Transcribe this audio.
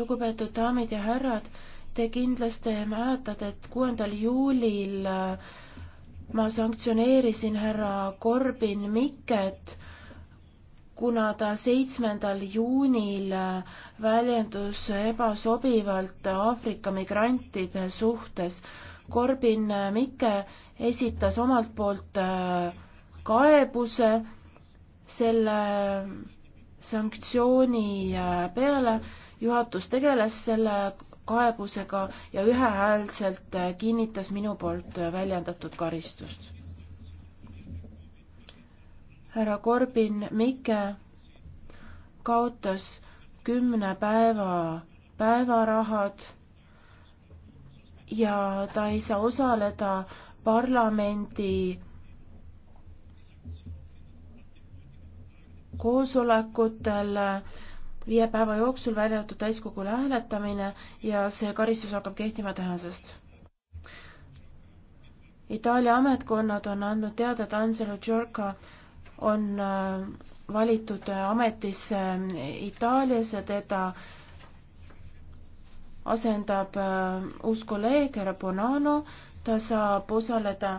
lugupeetud daamid ja härrad, te kindlasti mäletate, et kuuendal juulil äh, ma sanktsioneerisin härra Korbin Mikket, kuna ta seitsmendal juunil äh, väljendus ebasobivalt Aafrika migrantide suhtes. Korbin äh, Mikke esitas omalt poolt kaebuse selle sanktsiooni peale juhatus tegeles selle kaebusega ja ühehäälselt kinnitas minu poolt väljendatud karistust. härra Korbin Mikke kaotas kümne päeva päevarahad ja ta ei saa osaleda parlamendi koosolekutel viie päeva jooksul välja arvatud täiskogule hääletamine ja see karistus hakkab kehtima tänasest. Itaalia ametkonnad on andnud teada, et Angelo Giorca on äh, valitud äh, ametisse äh, Itaalias ja teda asendab uus kolleeg härra Bonanno, ta saab osaleda